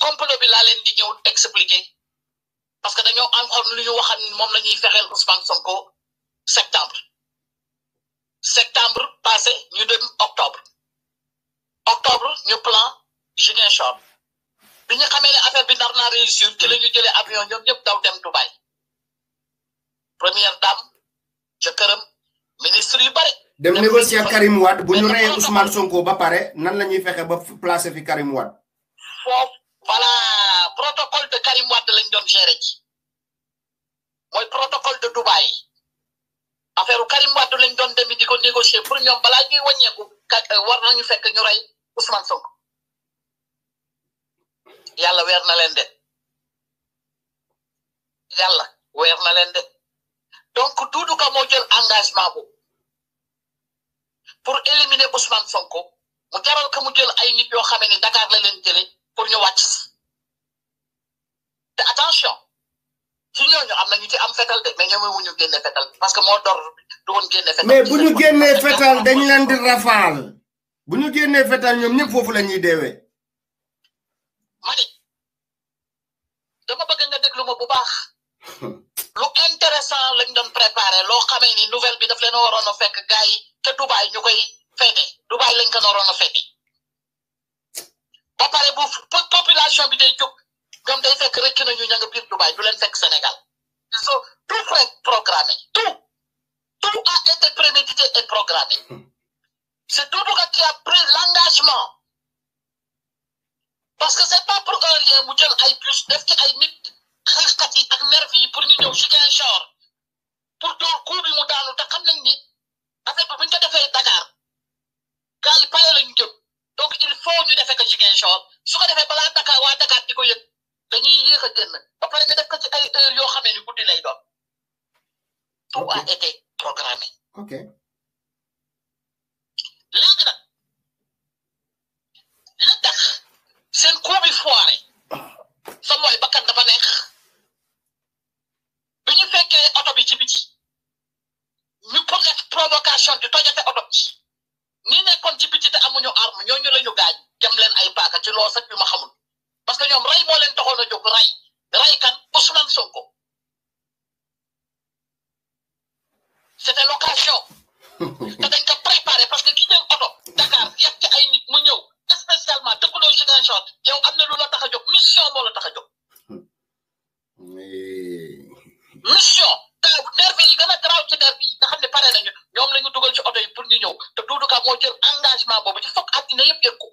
complot bi la len di ñew expliquer parce que dañoo encore lu ñu waxan moom la ñuy fexeel Ousmane Sonko septembre septembre passé ñu dem octobre octobre ñu plan Julien Ziguinchor bi ñu xamé né affaire bi nar na réussir ci lañu jëlé avion ñom ñep daw dem Dubai première dame kërëm ministre yu bari dem négocier Karim Wade bu ñu réé Ousmane Sonko ba paré nan lañuy fexé ba placer fi Karim Wade foofu voilà protocole de Karim Wade lañ doon géré ci mooy protocole de Dubaï affaire Karim Wade lañ doon demi di ko négocier pour ñoom balaa ñuy wàññeeku euh, war nañu fekk ñu rey Ousmane Sonko yàlla weer na leen de yàlla weer na leen de donc Doudou Ka moo jël engagement boobu pour éliminer Ousmane Sonko mu jaral ka mu jël ay nit yoo xam ne Dakar la leen jëlee. pour ñu wàcc te attention ci ñooñu am na ñu ci am fetal de mais ñoom wu ñu génne fetal parce que moo dor du woon génne fetal mais bu ñu génnee fetal dañ leen di rafaal bu ñu génnee fetal ñoom ñëpp foofu la ñuy deewee ma ni nga déglu ma bu baax lu intéressant lañ doon préparé loo xamee ni nouvelle bi daf leen waroon a fekk gars yi te Dubaay ñu koy féete Dubaay lañ ko waroon a population bi day jóg ñoom day fekk rëcc nañu ña nga biir Dubaï du leen fekk Sénégal ils ont tout programmé tout tout a été prémédité et programmé hmm. c'est Doudou qui a pris l'engagement parce que c'est pas pour un rien mu jël ay plus def ci ay nit xeexkat yi ak nervi yi pour ñu un genre. pour le coup bi mu daanu te xam nañ ni affaire bi bu ñu ko defee Dakar ñuy yéex a génn ba pare nga def ko ci ay heure yoo xamee ni guddi lay doon tout a été programmé ok léegi la tax seen coup bi foiré sa mooy bakkan dafa neex bi ñu fekkee oto bi ci biti ñu pour def provocation di tojate oto bi ñi nekkoon ci biti te amuñu arme ñooñu la ñu gaañ jam leen ay paaka ci loo sax bi ma xamul parce que ñoom rey moo leen taxoon a jóg rey rey kan Ousmane Sonko c'était l'occasion te dañ ko oto Dakar yàq ci nit mu ñëw spécialement dëkkuloo Ziguinchor yow am na lu la tax a jóg mission moo la tax a jóg mission taw nervi yi gën a garaaw ci nervi yi nga xam ne pare nañu ñoom la ñu dugal oto yi pour ñu ñëw te Doudou Ka moo jël engagement boobu ci foog àddina yëpp ko